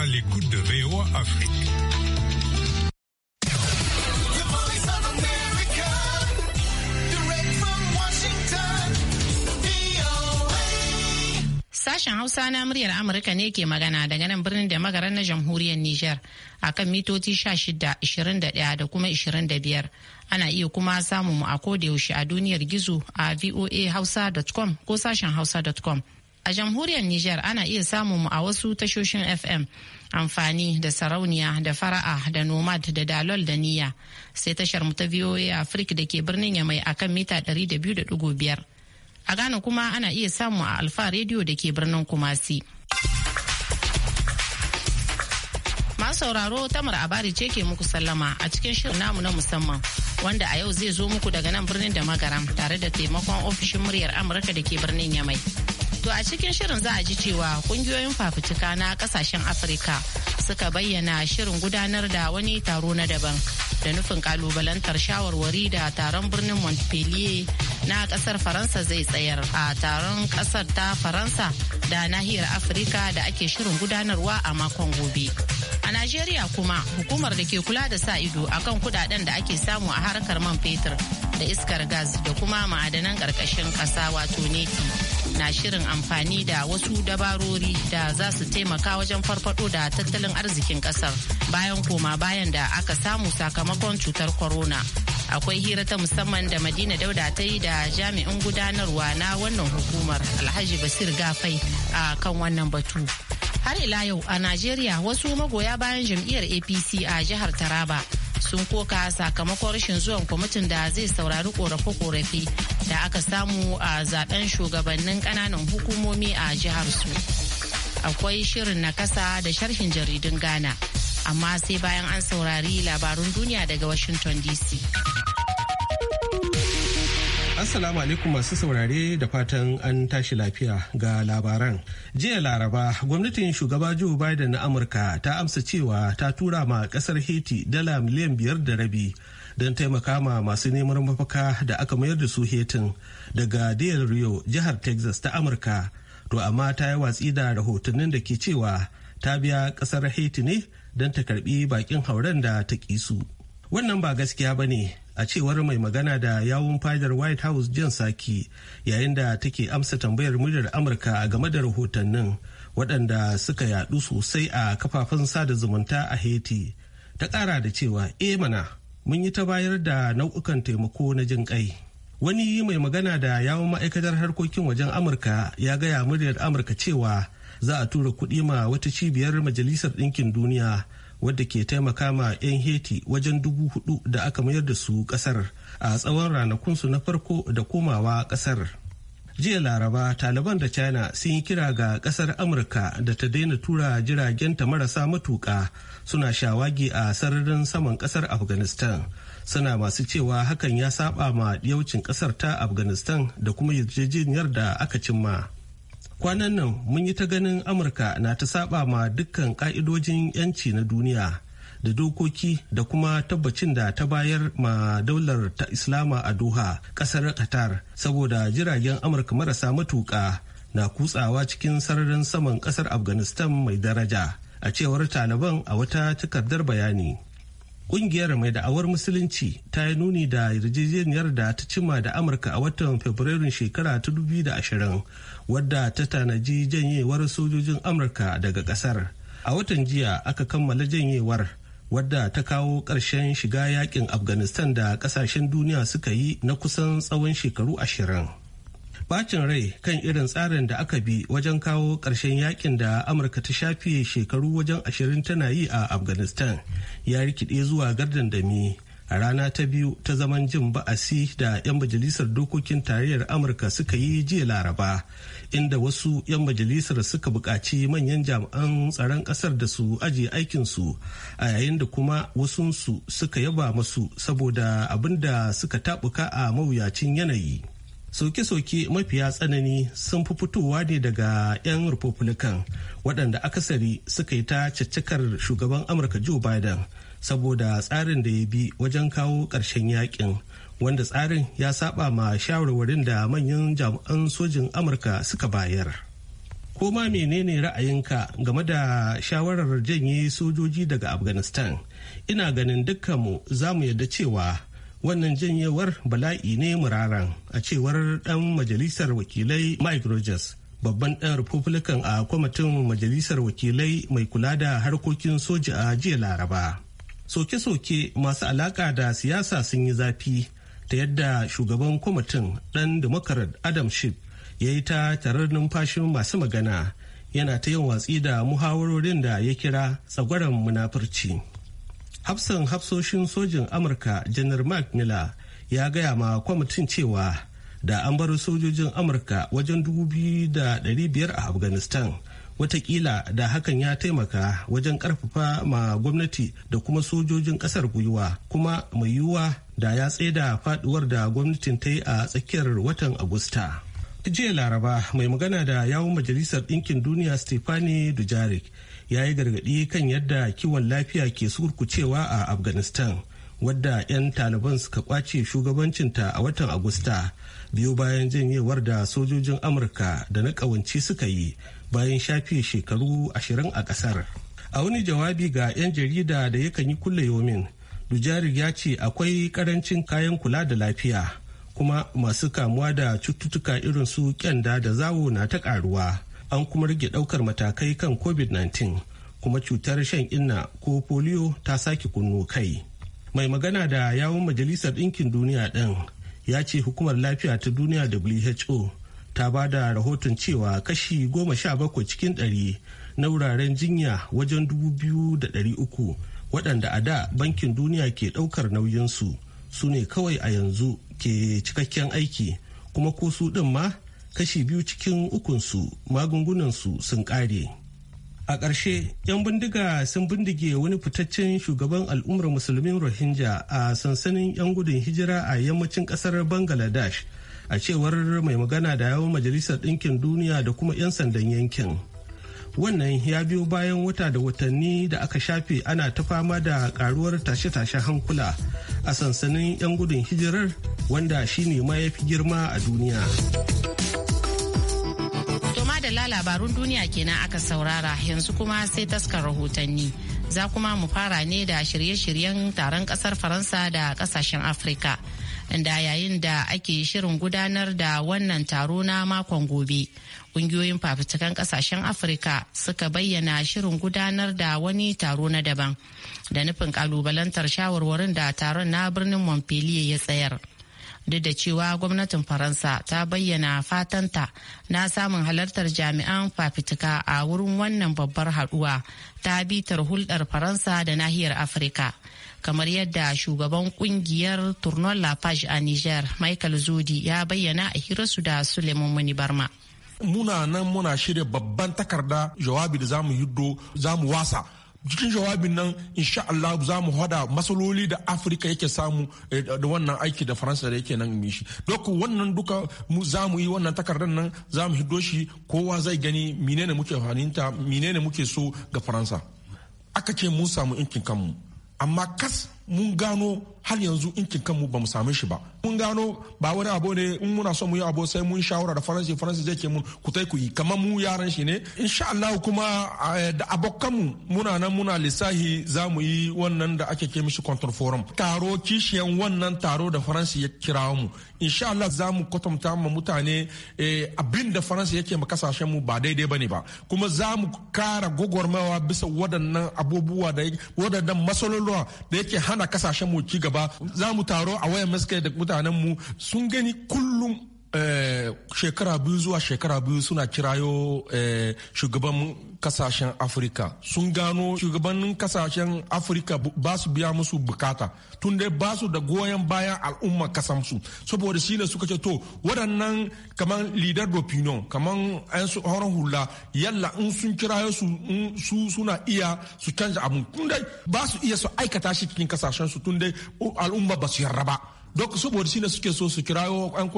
à l'écoute de VOA Afrique. Sashen Hausa na muryar Amurka ne ke magana daga nan birnin da magaran na jamhuriyar Nijar a kan mitoci 16, 21 da kuma 25. Ana iya kuma samun mu a yaushe a duniyar gizo a voahausa.com ko sashen hausa.com. A jamhuriyar Nijar ana iya samun mu a wasu tashoshin FM amfani da sarauniya da fara'a da nomad da dalol da niyya sai tashar mu ta VOA Africa da ke birnin Yamai akan mita 200.5. A Ghana kuma ana iya samu a Alfa Radio da ke birnin Kumasi. Masu sauraro tamar abari ce ke muku sallama a cikin shirin namu na musamman. wanda a yau zai zo muku daga nan birnin da magaram tare da taimakon ofishin muryar amurka da ke birnin yamai To a cikin shirin za a ji cewa kungiyoyin fafutuka na kasashen Afirka suka bayyana shirin gudanar da wani taro na daban da nufin kalubalantar shawarwari da taron birnin Montpellier na kasar Faransa zai tsayar a taron kasar ta Faransa da nahiyar Afirka da ake shirin gudanarwa a makon gobe. A Najeriya kuma hukumar da ke kula da sa ido akan kudaden da ake samu a harkar man fetur da iskar gas da kuma ma'adanan ƙarƙashin ƙasa wato neti. na shirin amfani da wasu dabarori da za su taimaka wajen farfado da tattalin arzikin kasar bayan koma bayan da aka samu sakamakon cutar corona. Akwai hira ta musamman da Madina Dauda ta yi da jami'in gudanarwa na wannan hukumar Alhaji Basir Gafai a kan wannan batu. Har ila yau a Najeriya wasu magoya bayan jam'iyyar APC a jihar Taraba sun koka sakamakon rashin zuwan kwamitin da zai saurari korafe-korafe da aka samu a zaben shugabannin kananan hukumomi a jihar su akwai shirin na kasa da sharhin jaridun ghana amma sai bayan an saurari labarun duniya daga washington dc Assalamu alaikum masu saurare da fatan an tashi lafiya ga labaran. Jiya Laraba, gwamnatin shugaba Joe Biden na Amurka ta amsa cewa ta tura ma kasar Haiti dala miliyan biyar da rabi don taimaka ma masu neman mafaka da aka mayar da su Haitin daga Del Rio, jihar Texas ta Amurka. To amma ta yi watsi da rahotannin da ke cewa ta biya kasar Haiti ne don ta karbi bakin hauren da ta ƙisu Wannan ba gaskiya ba ne a cewar mai magana da yawun fadar white house jan saki yayin da take amsa tambayar muryar amurka game da rahotannin waɗanda suka yadu sosai a kafafen sada zumunta a haiti ta ƙara da cewa e mana mun yi ta bayar da nau'ukan taimako na jin ƙai wani mai magana da yawun ma'aikatar harkokin wajen amurka ya gaya muryar amurka cewa za a tura kuɗi ma wata cibiyar majalisar ɗinkin duniya wadda ke taimaka ma 'yan heti wajen dubu hudu da aka mayar da su kasar a tsawon ranakunsu na farko da komawa kasar jiya laraba taliban da china sun yi kira ga kasar amurka da ta daina tura jiragenta marasa matuka suna shawagi a sararin saman kasar afghanistan suna masu cewa hakan ya saba ma yaucin kasar ta afghanistan da kuma yarjejeniyar da aka cimma kwanan nan mun yi ta ganin amurka na ta saba ma dukkan ka'idojin yanci na duniya da dokoki da kuma tabbacin da ta bayar ma daular ta islama a doha kasar qatar saboda jiragen amurka marasa matuka na kutsawa cikin sararin saman kasar afghanistan mai daraja a cewar taliban a wata takardar bayani Ƙungiyar mai da'awar musulunci ta yi nuni da yarjejeniyar da ta cima da Amurka a watan Fabrairun shekara ta ashirin wadda ta tanaji janyewar sojojin Amurka daga ƙasar. A watan jiya aka kammala janyewar wadda ta kawo ƙarshen shiga yakin Afghanistan da ƙasashen duniya suka yi na kusan tsawon shekaru ashirin. bacin rai kan irin tsarin da aka bi wajen kawo ƙarshen yakin da amurka ta shafe shekaru wajen ashirin tana yi a afghanistan ya rikide zuwa dami a rana ta biyu ta zaman jin ba'asi da 'yan majalisar dokokin tarayyar amurka suka yi jiya laraba inda wasu 'yan majalisar suka buƙaci manyan jami'an tsaron ƙasar da su ajiye aikinsu a yayin da kuma wasunsu suka yaba masu saboda abin da suka tabuka a mawuyacin yanayi Sauke-sauke mafiya tsanani sun fi fitowa ne daga 'yan republican waɗanda akasari suka yi ta caccakar shugaban amurka joe biden saboda tsarin da ya bi wajen kawo ƙarshen yakin wanda tsarin ya saba ma shawarwarin da manyan jami'an sojin amurka suka bayar ko ma menene ra'ayinka game da shawarar janye sojoji daga afghanistan ina ganin dukkanmu za mu yarda cewa wannan janyewar bala'i ne muraran a cewar dan majalisar wakilai mike rogers babban dan republican a kwamitin majalisar wakilai mai kula da harkokin soja a jiya laraba soke-soke masu alaka da siyasa sun yi zafi ta yadda shugaban kwamitin dan democrat adam Schiff ya yi ta tarar numfashin masu magana yana ta yin watsi da muhawarorin da ya kira tsagwaron munafurci. hafsan hafsoshin sojin amurka janar mark miller ya gaya ma kwamitin cewa da an bar sojojin amurka wajen 2,500 a afghanistan watakila da hakan ya taimaka wajen karfafa ma gwamnati da kuma sojojin kasar gwiwa kuma mai yiwuwa da ya tsaida faduwar da gwamnatin ta yi a tsakiyar watan agusta jiya laraba mai magana da yawun majalisar ɗinkin duniya stefani dujarik ya yi gargaɗi kan yadda kiwon lafiya ke surkucewa a afghanistan wadda 'yan taliban suka kwace shugabancinta a watan agusta biyu bayan janyewar da sojojin amurka da na ƙawanci suka yi bayan shafe shekaru ashirin a ƙasar a wani jawabi ga 'yan jarida da yakan yi kulle yomin dujarir ya ce akwai ƙarancin kayan kula da lafiya kuma masu kamuwa da cututtuka irin su kyanda da zawo na ta ƙaruwa an kuma rage daukar matakai kan covid-19 kuma cutar shan inna ko polio ta sake kunno kai mai magana da yawon majalisar ɗinkin duniya ɗin ya ce hukumar lafiya ta duniya who ta ba da rahoton cewa kashi goma sha bakwai cikin ɗari na wuraren jinya wajen dubu biyu da ɗari uku waɗanda a da bankin duniya ke ɗaukar nauyinsu su ne kawai a yanzu ke cikakken aiki kuma ko su ɗin ma kashi biyu cikin ukunsu magungunansu sun kare. A ƙarshe, 'yan bindiga sun bindige wani fitaccen shugaban al'ummar musulmin Rohingya a sansanin 'yan gudun hijira a yammacin ƙasar Bangladesh, a cewar mai magana da yawon Majalisar Ɗinkin Duniya da kuma 'yan sandan yankin. Wannan ya biyo bayan wata da watanni da aka shafe ana ta fama da karuwar tashe tashe hankula a sansanin 'yan gudun hijirar wanda shine ma ya fi girma a duniya. madalla labarun duniya kenan aka saurara yanzu kuma sai taskar rahotanni. Za kuma mu fara ne da shirye-shiryen taron kasar Faransa da kasashen Afirka. Inda yayin da ake shirin gudanar da wannan taro na makon gobe, ƙungiyoyin fafutukan kasashen Afirka suka bayyana shirin gudanar da wani taro na daban, da nufin ƙalubalantar shawarwarin da taron na birnin Montpellier ya tsayar. duk da cewa gwamnatin faransa ta bayyana fatanta na samun halartar jami'an fafitika a wurin wannan babbar haduwa ta bitar hulɗar faransa da nahiyar afirka kamar yadda shugaban kungiyar la page a niger michael zodi ya bayyana a hirarsu da suleiman muni barma muna nan muna shirya babban takarda jawabi da zamu hiddo zamu wasa cikin jawabin nan insha Allah za mu hada masaloli da Afirka yake samu eh, da wannan aiki da Faransa da yake nan mishi shi dok wannan duka mu za mu yi wannan takardar nan za mu hiddo shi kowa zai gani menene muke haninta menene muke so ga Faransa aka ce mu samu inkin kanmu amma kas mun gano har yanzu inkin kanmu ba mu same shi ba mun gano ba wani abu ne in muna so mu yi abu sai mun shawara da faransi faransi zai ke mun ku ku yi kamar mu yaran shi ne insha Allah kuma eh, da abokanmu muna nan muna lissahi za mu yi wannan da ake ke mishi control forum taro kishiyan wannan taro da faransi ya kira mu insha Allah za mu kwatanta ma mutane eh, abin da faransi yake ma kasashen mu ba daidai bane ba kuma za mu kara gwagwarmawa bisa waɗannan abubuwa da waɗannan masalolwa da yake hana ana kasashen mu ci gaba za mu taro a wayan maska da mutanen mu sun gani kullum Eh, shekara biyu zuwa shekara biyu suna kirayo eh, shugaban kasashen afirka sun gano shugabannin kasashen afirka ba su biya musu bukata tun dai ba su da goyon bayan al'umma kasamsu saboda shi ne suka ce to waɗannan kamar leader d'opinion kamar yan su horon hula yalla in sun kirayo su suna iya su canza abu tun dai ba su iya su aikata shi cikin kasashen su tun dai al'umma ba su yarda ba duk saboda shi ne suke so su kirawo yan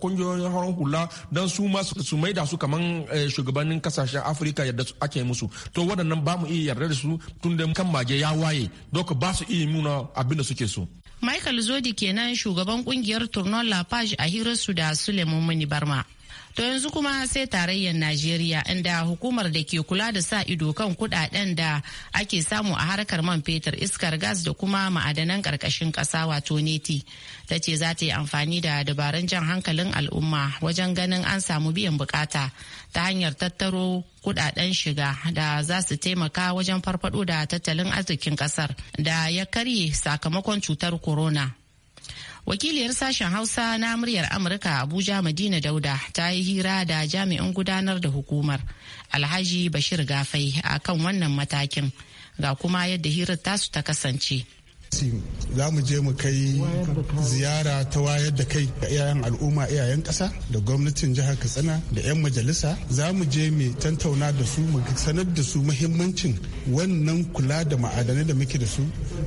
kungiyoyin horon hula don su ma su maida su kaman eh, shugabannin kasashen afirka yadda ake musu to waɗannan ba mu iya yarda da su tun da kan mage ya waye duk ba su iya nuna abin da suke so michael zodi kenan shugaban kungiyar turnon la page a su da suleiman muni barma To yanzu kuma sai tarayyar Najeriya inda hukumar da ke kula da sa ido kan kudaden da ake samu a harkar man fetur iskar gas da kuma ma'adanan karkashin kasa wato neti ta ce za ta yi amfani da dabarun jan hankalin al'umma wajen ganin an samu biyan bukata ta hanyar tattaro kudaden shiga da za su taimaka wajen farfado da tattalin arzikin ƙasar da ya karye sakamakon cutar corona. wakiliyar sashen hausa na muryar amurka abuja madina dauda ta yi hira da jami'in gudanar da hukumar alhaji bashir gafai a kan wannan matakin ga kuma yadda hirar tasu ta kasance za mu je mu kai ziyara ta wayar da kai ga iyayen al'umma iyayen ƙasa da gwamnatin jihar katsina da 'yan majalisa za mu je mu tantauna da su mu sanar da su muhimmancin wannan kula da ma'adanai da muke da su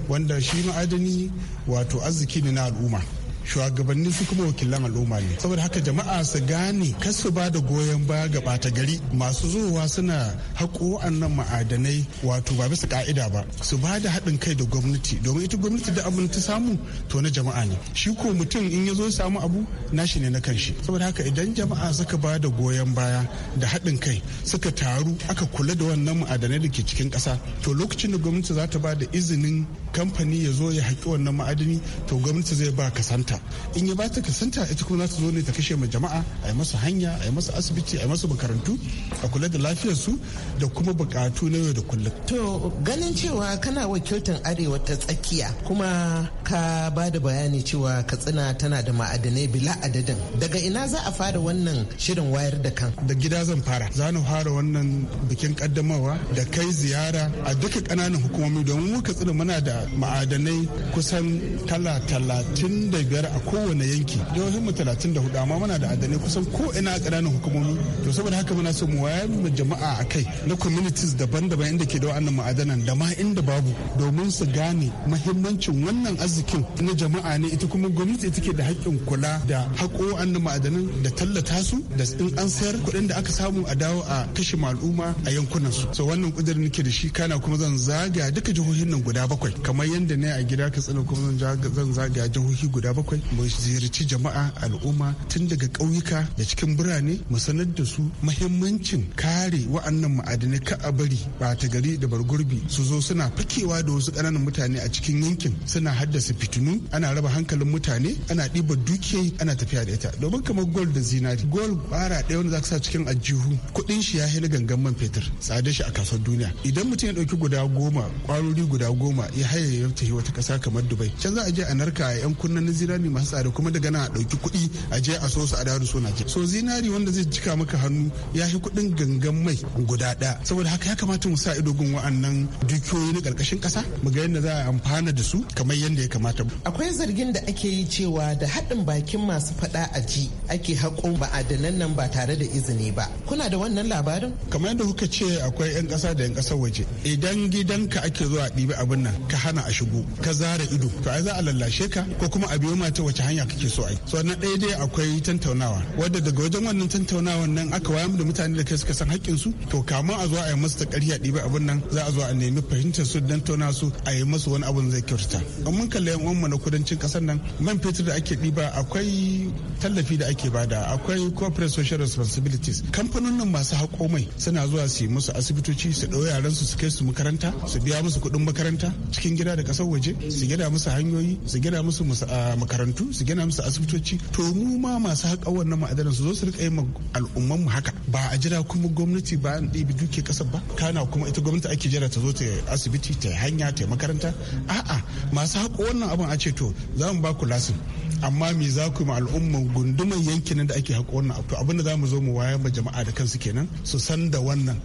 wanda shi ma'adani wato arziki ne na al'umma shugabanni su kuma wakilan al'umma ne saboda haka jama'a su gane kasu su ba da goyon baya ga bata gari masu zuwa suna haƙo wa'annan ma'adanai wato ba bisa ka'ida ba su ba da haɗin kai da gwamnati domin ita gwamnati da abin ta samu to na jama'a ne shi ko mutum in ya zo samu abu nashi ne na kanshi saboda haka idan jama'a suka ba da goyon baya da haɗin kai suka taru aka kula da wannan ma'adanai da ke cikin ƙasa to lokacin da gwamnati za ta ba da izinin kamfani ya zo ya haƙi wannan ma'adani to gwamnati zai ba kasanta kasanta in ya bata kasanta ita kuma za ta zo ne ta kashe ma jama'a a yi masa hanya a yi masa asibiti a yi masa makarantu a kula da lafiyarsu da kuma bukatu na yau da kullum. to ganin cewa kana wakiltar arewa ta tsakiya kuma ka ba da bayani cewa katsina tana da ma'adanai bila adadin daga ina za a fara wannan shirin wayar da kan. da gida zan fara za mu fara wannan bikin kaddamawa da kai ziyara a duka ƙananan hukumomi domin mu katsina muna da ma'adanai kusan kala talatin da biyar biyar a kowane yanki jihohinmu talatin da hudu amma muna da adane kusan ko ina a ƙananan hukumomi to saboda haka muna so mu wayar mu jama'a a kai na communities daban-daban inda ke da wannan ma'adanan da ma inda babu domin su gane mahimmancin wannan arzikin na jama'a ne ita kuma gwamnati ita ke da haƙƙin kula da haƙo wannan ma'adanan da tallata su da in an sayar kuɗin da aka samu a dawo a kashe al'umma a yankunan su so wannan kudirin nake da shi kana kuma zan zaga duka jihohin nan guda bakwai kamar yadda ne a gida ka katsina kuma zan zaga jihohi guda bakwai bakwai mu ziyarci jama'a al'umma tun daga ƙauyuka da cikin birane mu sanar da su mahimmancin kare wa'annan ma'adanai ka a bari ɓata gari da bargurbi su zo suna fakewa da wasu ƙananan mutane a cikin yankin suna haddasa fitinu ana raba hankalin mutane ana ɗiba dukiyoyi ana tafiya da ita domin kamar gol da zinari gol ƙwara ɗaya wanda za ka sa cikin ajihu kuɗin shi ya na gangan man fetur tsada shi a kasuwar duniya idan mutum ya ɗauki guda goma ƙwarori guda goma ya haye ya tafi wata ƙasa kamar dubai can za a je a narka a yan na zinari jami masu tsada kuma daga nan a ɗauki kuɗi a je a so su a dawo na Najeriya. So zinari wanda zai cika maka hannu ya fi kuɗin gangan mai guda ɗaya. Saboda haka ya kamata mu sa ido gun wa'annan dukiyoyi na ƙarƙashin ƙasa mu ga yadda za a amfana da su kamar yadda ya kamata. Akwai zargin da ake yi cewa da haɗin bakin masu faɗa a ji ake haƙo ma'adanan nan ba tare da izini ba. Kuna da wannan labarin? Kamar yadda kuka ce akwai 'yan ƙasa da 'yan ƙasar waje. Idan ka ake zuwa ɗibi abin nan ka hana a shigo ka zara ido to ai za a lallashe ka ko kuma a biyo ma ta wace hanya kake so ai so na ɗaya dai akwai tantaunawa wadda daga wajen wannan tantaunawan nan aka wayar da mutane da kai suka san haƙƙin su to kamun a zo a yi musu ta ƙarya ɗiba abin nan za a zo a nemi fahimtar su dan tauna su a yi musu wani abin zai kyautata in mun kalli yan mu na kudancin ƙasar nan man fetur da ake ɗiba akwai tallafi da ake bada akwai corporate social responsibilities nan masu haƙo mai suna zuwa su yi musu asibitoci su ɗau yaran su su kai su makaranta su biya musu kuɗin makaranta cikin gida da ƙasar waje su gida musu hanyoyi su gida musu ah, makaranta makarantu su gina musu asibitoci to mu ma masu haƙa wannan ma'adanan su zo su rika yi ma al'umman mu haka ba a jira kuma gwamnati ba an ɗebi duke ƙasar ba kana kuma ita gwamnati ake jira ta zo ta asibiti ta hanya ta makaranta a'a masu haƙo wannan abin a ce to za mu ba ku lasin amma me za ku yi ma al'umman gundumar yankin da ake haƙo wannan abu abin da za mu zo mu wayar ma jama'a da kansu kenan su san da wannan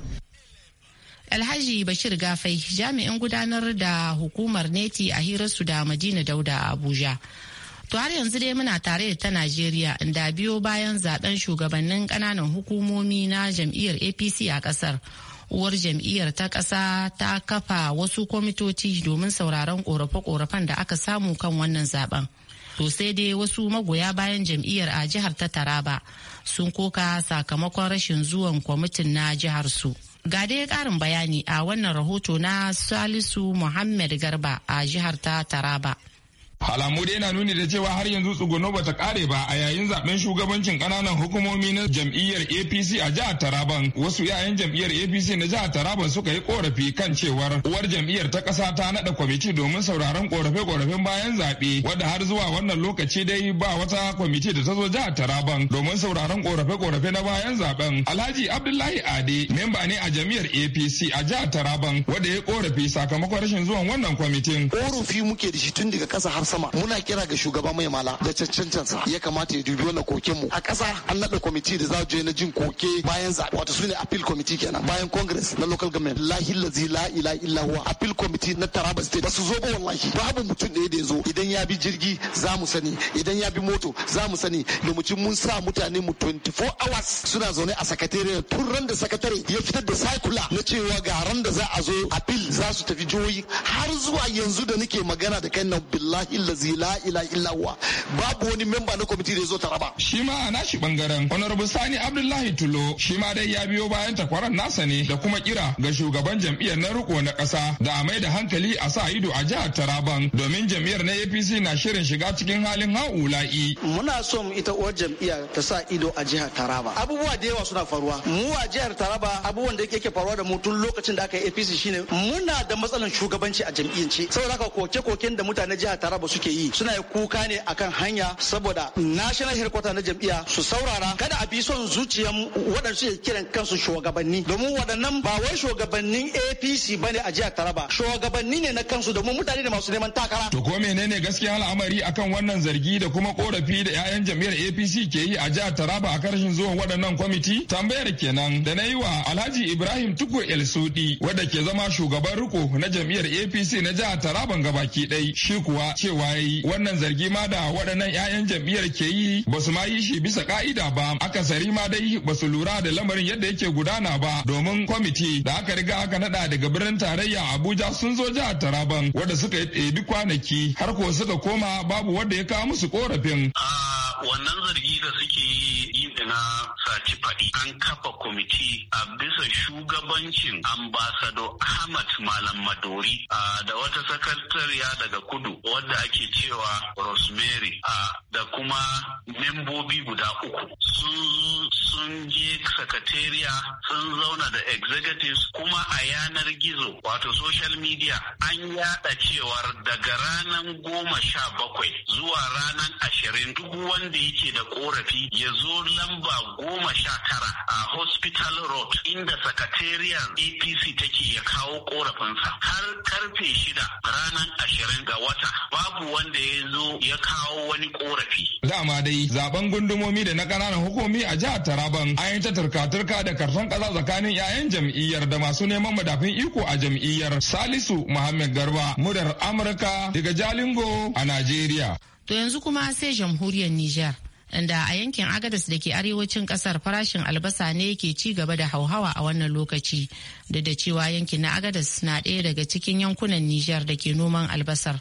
Alhaji Bashir Gafai jami'in gudanar da hukumar neti a hirarsu da Madina Dauda a Abuja. To har yanzu dai muna tare da ta Najeriya inda biyo bayan zaben shugabannin kananan hukumomi na jam'iyyar APC a kasar. Uwar jam'iyyar ta kasa ta kafa wasu kwamitoci domin sauraron korafe-korafen da aka samu kan wannan zaben. To sai dai wasu magoya bayan jam'iyyar a jihar ta Taraba sun koka sakamakon rashin zuwan kwamitin na jihar su. Ga dai ƙarin bayani a wannan rahoto na Salisu Muhammad Garba a jihar ta Taraba. Alamu dai na nuni da cewa har yanzu tsugunno bata kare ba a yayin zaben shugabancin kananan hukumomi na jam'iyyar APC a jihar Taraban. Wasu yayan jam'iyyar APC na jihar Taraban suka yi korafi kan cewar uwar jam'iyyar ta kasa ta nada kwamiti domin sauraron korafe-korafen bayan zaɓe wadda har zuwa wannan lokaci dai ba wata kwamiti da ta zo jihar Taraban domin sauraron korafe-korafe na bayan zaben. Alhaji Abdullahi Ade memba ne a jam'iyyar APC a jihar Taraban wadda ya korafi sakamakon rashin zuwan wannan kwamitin. Korafi muke da shi tun daga kasa har sama muna kira ga shugaba mai mala da cancancansa ya kamata ya dubi wannan koken mu a kasa an naɗa kwamiti da za je na jin koke bayan zaɓe wato su ne appeal committee kenan bayan congress na local government lahi lazi la ila illa huwa appeal committee na taraba state ba su zo ba wallahi babu mutum da ya zo idan ya bi jirgi za mu sani idan ya bi moto za mu sani domin mun sa mutane mu 24 hours suna zaune a sakatare tun ran da sakatare ya fitar da circular na cewa ga ran da za a zo appeal za su tafi jihohi har zuwa yanzu da nake magana da kai na billahi billahi la ila illa babu wani memba na kwamiti da ya zo taraba shi ma a nashi bangaren honorable sani abdullahi tulo shi ma dai ya biyo bayan takwaran nasa ne da kuma kira ga shugaban jam'iyyar na riko na kasa da a mai da hankali a sa ido a jihar taraban domin jam'iyyar na apc na shirin shiga cikin halin ha'ula'i muna son ita uwar jam'iyya ta sa ido a jihar taraba abubuwa da yawa suna faruwa mu a jihar taraba abubuwan da yake faruwa da mu tun lokacin da aka yi apc shine muna da matsalan shugabanci a jam'iyyance saboda haka koke-koken da mutane jihar taraba mu suke yi suna yi kuka ne akan hanya saboda national headquarter na jam'iya su saurara kada a bi son zuciyar waɗansu ya kiran kansu shugabanni domin waɗannan ba wai shugabannin APC ba ne a jihar Taraba shugabanni ne na kansu domin mutane da masu neman takara to ko menene gaskiya al'amari akan wannan zargi da kuma korafi da 'ya'yan jam'iyyar APC ke yi a jihar Taraba a karshen zuwan waɗannan kwamiti tambayar kenan da na yi wa Alhaji Ibrahim Tukur El Sudi wadda ke zama shugaban riko na jam'iyyar APC na jihar Taraban gabaki ɗaya shi kuwa cewa wayayi wannan zargi ma da waɗannan 'ya'yan jam'iyyar ke yi ba su ma yi shi bisa ka'ida ba akasari ma dai ba su lura da lamarin yadda yake gudana ba domin kwamiti da aka riga aka naɗa daga birnin tarayya abuja sun zo jihar taraban wadda suka yi kwanaki har ko suka koma babu wadda ya kawo musu korafin. Ah, wannan zargi da suke yi da na saci faɗi an kafa kwamiti a bisa shugabancin ambasado ahmad malam madori da wata sakatariya daga kudu wadda ake cewa rosemary da kuma membobi guda uku sun sun je sakatariya sun zauna da executives kuma a yanar gizo wato social media an yada cewar daga ranar goma sha bakwai zuwa ranar ashirin duk wani wanda yake da korafi ya zo lamba goma sha tara a hospital road inda sakatariyar apc take ya kawo korafinsa har karfe shida ranar ashirin ga wata babu wanda ya zo ya kawo wani korafi dama dai zaben gundumomi da na ƙananan hukumi a jihar taraban an yi ta turka-turka da karfan ƙasa tsakanin 'ya'yan jam'iyyar da masu neman madafin iko a jam'iyyar salisu muhammad garba mudar amurka daga jalingo a najeriya To yanzu kuma sai jamhuriyar Nijar. inda a yankin agadas da ke arewacin kasar farashin albasa ne ke ci gaba da hauhawa a wannan lokaci da da cewa yankin na agadas na ɗaya daga cikin yankunan nijar da ke noman albasar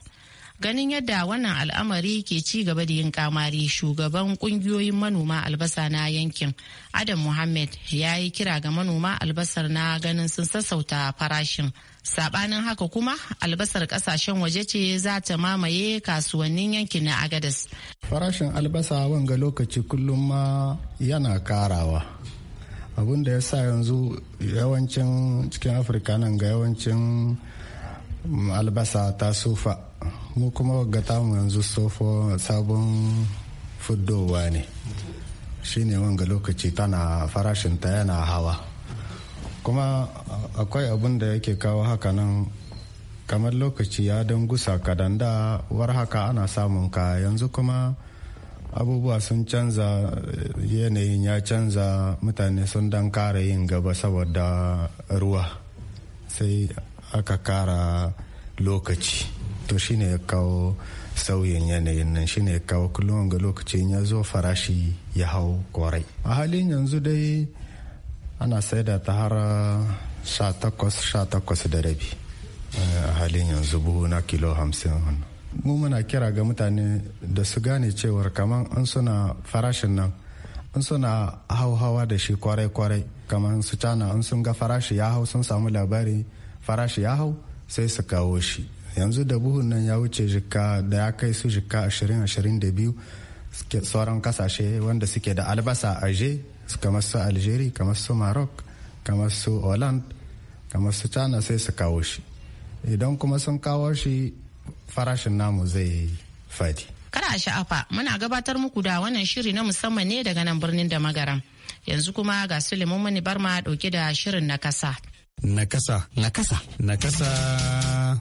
ganin yadda wannan al'amari ke ci gaba da yin kamari shugaban kungiyoyin manoma albasa na yankin adam muhammad ya yi kira ga manoma albasar na ganin sun sassauta farashin sabanin haka kuma albasar kasashen waje ce za ta mamaye kasuwannin yankin na agadas farashin albasa wanga lokaci kullum ma yana karawa abin da ya sa yanzu yawancin cikin afirka nan ga yawancin albasa ta sofa mu kuma ga tamu yanzu sofa sabon fuddowa ne shine wanga lokaci tana farashinta yana hawa kuma akwai abin da yake kawo haka nan kamar lokaci ya don gusa kadan da war haka ana samun ka yanzu kuma abubuwa sun canza yanayin ya canza mutane sun dan kara yin gaba saboda ruwa sai aka kara lokaci to shine ya kawo sauyin yanayin nan shine ya kawo kullum ga lokacin ya zo farashi ya hau kwarai a halin yanzu dai ana saida ta har eh, sha takwas da rabi eh, a halin yanzu buhu na kilo hamsin mu muna kira ga mutane da su gane cewar kamar an suna farashin nan in suna hauhawa da shi kwarai-kwarai kamar su cana in sun ga farashi ya hau sun samu labari farashi ya hau sai su kawo shi yanzu da buhun nan ya wuce jika da ya kai su jika 20-22 sauran kasashe wanda suke da albasa aje kamar su algeria kamar su maroc kamar su holland kamar su china sai su kawo shi idan kuma sun kawo shi farashin namu zai fadi kada a sha'afa muna gabatar muku da wannan shiri na musamman ne daga nan birnin da magaram yanzu kuma ga suleiman mani barma dauke da shirin na kasa na kasa na kasa na kasa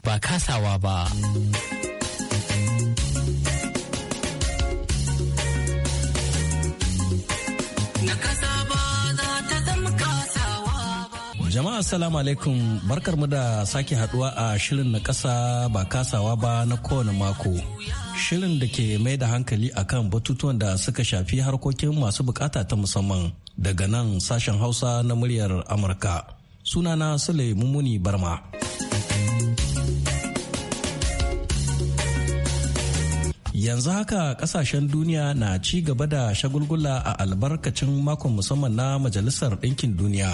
ba kasawa ba Jama'a salamu alaikum barkarmu da sake haduwa a shirin na kasa ba kasawa ba na kowane mako. Shirin da ke mai da hankali akan batutuwan da suka shafi harkokin masu bukata ta musamman daga nan sashen Hausa na muryar Amurka. Sunana Sule mumuni Barma. yanzu haka kasashen duniya na ci gaba da shagulgula a albarkacin makon musamman na majalisar ɗinkin duniya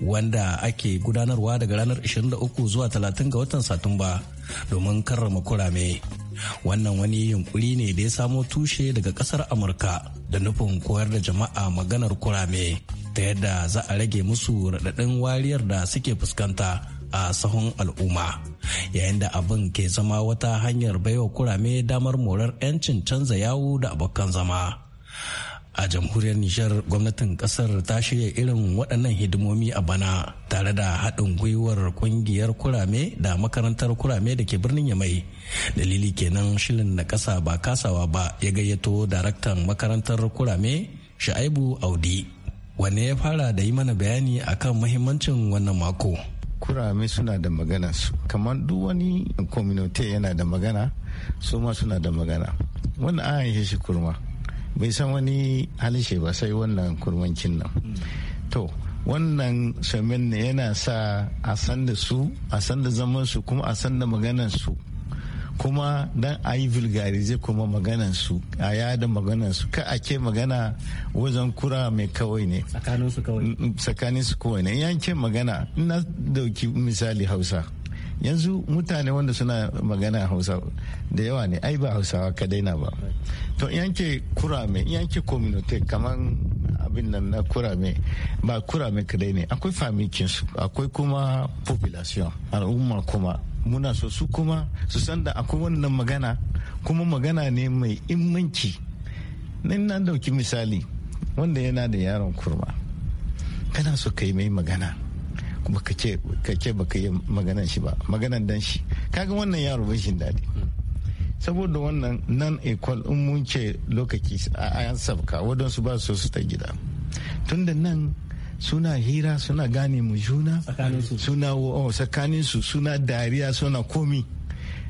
wanda ake gudanarwa daga ranar 23 zuwa 30 ga watan Satumba domin karrama kurame. Wannan wani yunkuri ne da ya samo tushe daga kasar Amurka da nufin koyar da jama'a maganar kurame ta yadda za a rage musu raɗaɗin wariyar da suke fuskanta a sahun al'umma. Yayin da abin ke zama wata hanyar baiwa kurame damar morar 'yancin canza yawo da abokan zama. a jamhuriyar nijar gwamnatin kasar ta shirya irin waɗannan hidimomi a bana tare da haɗin gwiwar ƙungiyar kurame da makarantar kurame da ke birnin yamai dalili kenan shirin na ƙasa ba kasawa ba ya gayyato daraktan makarantar kurame sha'aibu audi wanne ya fara da yi mana bayani akan mahimmancin wannan mako kurame suna da magana su kamar duk wani community yana da magana su ma suna da magana wannan an shi kurma bai san wani halishe ba sai wannan kurmancin nan to wannan shamin ne yana sa a san da su a san da zaman su kuma a san da maganan su kuma dan a yi vulgarize kuma maganan su a yada maganan su ka ake magana wajen kura mai kawai ne tsakanin su kawai mm, mm, ne yanke magana na dauki misali hausa yanzu mutane wanda suna magana hausa da yawa ne ai ba hausawa ka daina ba to yanke kurame yanke community kamar abin nan na kurame ba kurame kadai ne akwai famikinsu akwai kuma population al'umma kuma muna so su kuma su san da akwai wannan magana kuma magana ne mai imanci nan na dauki misali wanda yana da yaron kurma kana so kai mai magana kuma kake ce baka yi maganan shi ba maganan dan shi kaga wannan yaro ban shi dadi saboda wannan nan equal in mun ce lokaci a yan sabka wadansu ba su su ta gida tunda nan suna hira suna gane mu juna suna oh, tsakaninsu suna dariya suna komi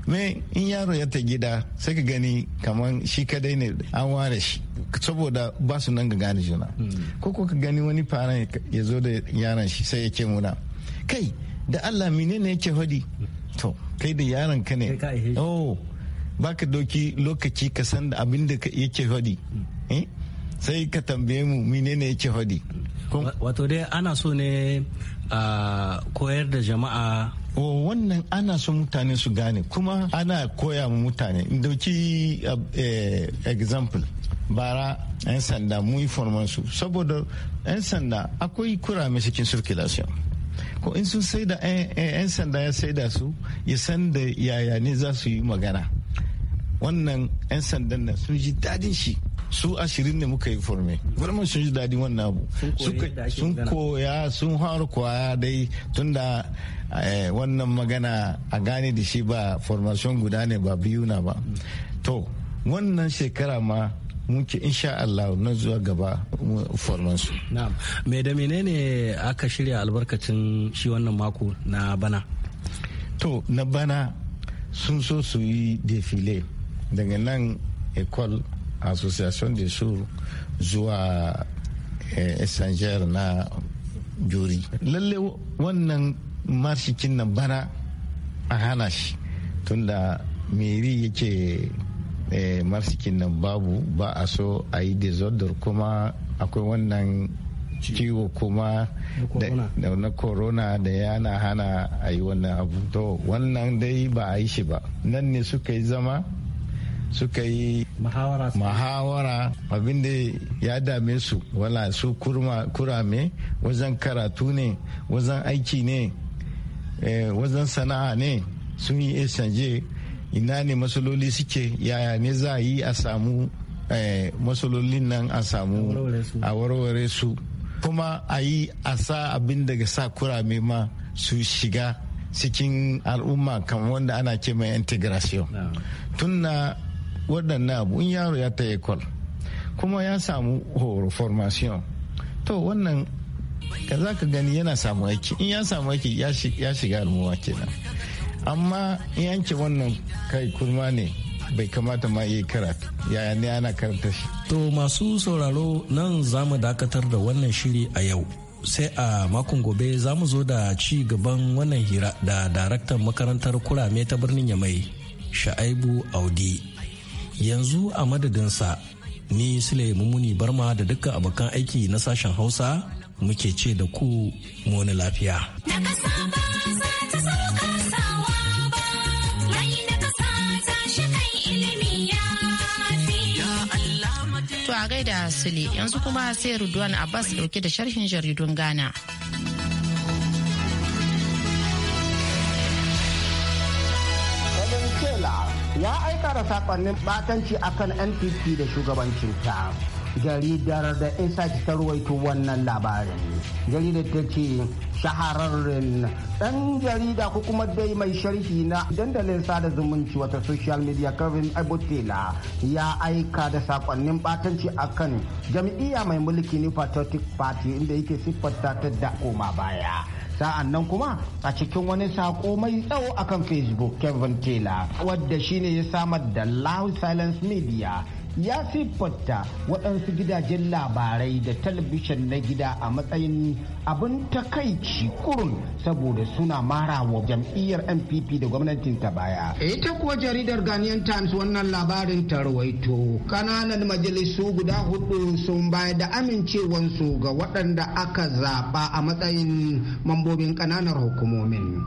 me in yaro ya ta gida sai ka gani kamar shi kadai ne an ware shi saboda ba su nan ga gane juna hmm. ko ka gani wani fara ya zo da yaron shi sai ya ce muna kai da Allah ya yake hodi to kai da yaron ka ne oh baka doki lokaci ka san da abin da yake hodi hmm. eh? sai ka tambaye mu ya yake hodi hmm. wato dai ana so ne a koyar da jama'a wannan ana so mutane su gane kuma ana koya mu mutane dauki e, example bara 'yan sanda mu yi su saboda 'yan sanda akwai kurame cikin circulation ko in sun sai da e, e, 'yan sanda ya sai da su ya san da yaya ne za su yi magana wannan 'yan sandan na sun ji dadin shi su ashirin ne muka yi forme gwamnati sun ji daɗin wannan abu sun koya sun haru kwaya dai tunda eh, wannan magana a gane da shi ba formation guda ne ba biyu na ba to wannan shekara ma muke insha Allah na zuwa gaba forman su. Mai da menene aka shirya albarkacin shi wannan mako na bana? To, na bana sun so su yi defile daga nan ekol association de sur zuwa eh, esanger na juri lalle wannan marshikin nan bana a hana shi tunda meri yake eh, marshikin nan babu ba a so a yi disorder kuma akwai wannan ciwo kuma da na corona da yana hana a yi wannan abu to wannan dai ba a yi shi ba nan ne suka yi zama suka yi mahawara abinda ya dame su wala su kurame wajen karatu ne wajen aiki ne eh, wajen sana'a ne sun yi esanje ina ne masaloli suke yaya ne za a yi a samu eh, masalolin nan a samu a warware su kuma a yi a sa abin daga sa kurame ma su shiga cikin al'umma kamar wanda ana ce mai integration tun waɗannan abu in yaro ya ta ekol kuma ya samu horo formation to wannan ka za ka gani yana samu aiki in ya samu aiki ya shiga almuwa kenan amma yanke wannan kai kurma ne bai kamata ma iya karatu yaya ne ana karanta shi to masu sauraro nan za mu dakatar da wannan shiri a yau sai a makon gobe za mu zo da ci gaban wannan hira da daraktan makarantar kurame ta birnin yamai sha'aibu audi yanzu a madadinsa ni sule mummuni barma da dukkan abokan aiki na sashen hausa muke ce da ku muni lafiya To a gaida sule yanzu kuma sai Ridwan Abbas dauke da sharhin jaridun Ghana. ya aika da sakonnin batanci akan npp da ta jaridar da insight ta ruwaito wannan labarin jaridar ta ce shahararren dan jarida ko kuma dai mai sharhi na dandalin sada zumunci wata social media kevin abotela ya aika da sakonnin batanci akan jam'iyya mai mulki ne patriotic party inda yake siffata ta da koma baya sa'an nan kuma a cikin wani sako mai tsawo akan facebook kevin taylor wadda shine ya samar da loud silence media ya siffanta waɗansu gidajen labarai da talabishin na gida a matsayin abin takaici kurun saboda suna mara wa jam'iyyar npp da gwamnatin ta baya ita kuwa jaridar ghanaian times wannan labarin ta rawaito kananan majalisu guda hudu sun bayar da amincewansu ga waɗanda aka zaɓa a matsayin mambobin ƙananan hukumomin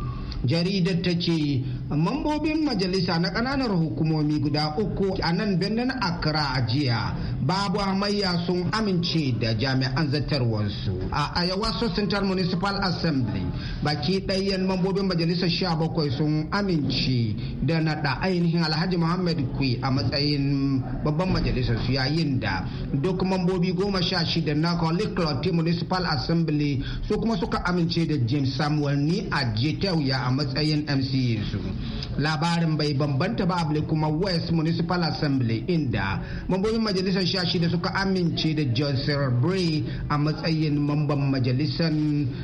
jaridar ta ce mambobin majalisa na ƙananan hukumomi guda uku a nan birnin akra a jiya babu hamayya sun amince da jami'an zartarwarsu a ayawa central municipal assembly baki ɗayan mambobin majalisar sha bakwai sun amince da naɗa ainihin alhaji muhammad kwi a matsayin babban majalisar su yayin da duk mambobi goma sha shida na Coliclot municipal assembly su kuma suka amince da james samuel ni a jetau ya a matsayin mca su labarin bai bambanta ba abu kuma west municipal assembly inda mambobin majalisar shashi da suka amince da joseph bray a matsayin mamban majalisar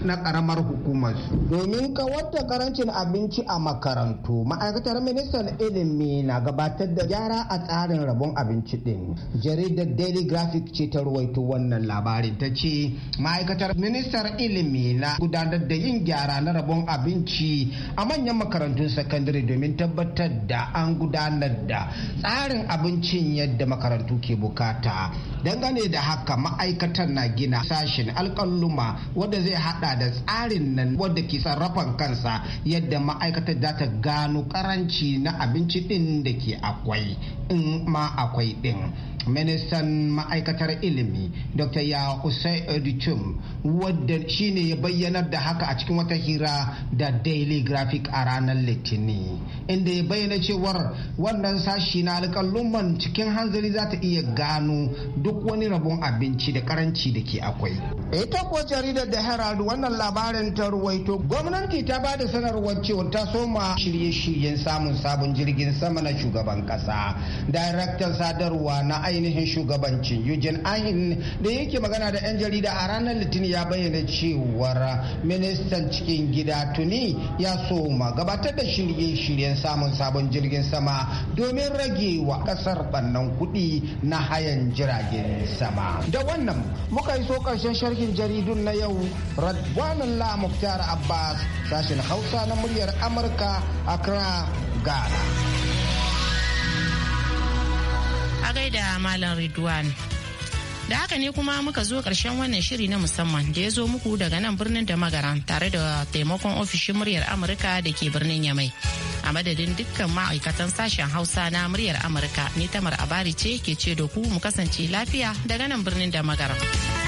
na karamar hukumar su domin ka wata karancin abinci a makarantu ma'aikatar ministan ilimi na gabatar da gyara a tsarin rabon abinci din jaridar daily graphic ce ta ruwaito wannan labarin ta ce ma'aikatar ministar ilimi na gudanar da yin gyara na rabon abinci a manyan makarantun sakandare domin tabbatar da an gudanar da tsarin abincin yadda makarantu ke bukata dangane da haka ma'aikatar na gina sashen alkaluma wadda zai hada da tsarin nan wadda ke sarrafan kansa yadda ma'aikatar za ta gano karanci na abinci din da ke akwai in ma akwai din ministan ma'aikatar ilimi dr ya usai odichum wadda shine ya bayyanar da haka a cikin wata hira da daily graphic a ranar litini inda ya bayyana cewar wannan sashi na alƙalluman cikin hanzari za ta iya gano duk wani rabon abinci da karanci da ke akwai ita ko jaridar da herald wannan labarin ta ruwaito gwamnati ta ba da sanarwar cewa ta soma shirye-shiryen samun sabon jirgin sama na shugaban kasa daraktan sadarwa na ainihin shugabancin Eugene Ahin da yake magana da 'yan jarida a ranar Litinin ya bayyana cewar ministan cikin gida tuni ya soma gabatar da shirye-shiryen samun sabon jirgin sama domin rage wa kasar bannan kudi na hayan jiragen sama. Da wannan muka yi so karshen sharhin jaridun na yau Radwanan La Muktar Abbas sashen Hausa na muryar Amurka Kira Ghana. da Malam Ridwan. Da haka ne kuma muka zo karshen wannan shiri na musamman da ya zo muku daga nan birnin da magaran tare da taimakon ofishin muryar Amurka da ke birnin Yamai. A madadin dukkan ma'aikatan sashen Hausa na muryar Amurka ni tamar abari ce ke ce da ku mu kasance lafiya daga nan birnin da magaran.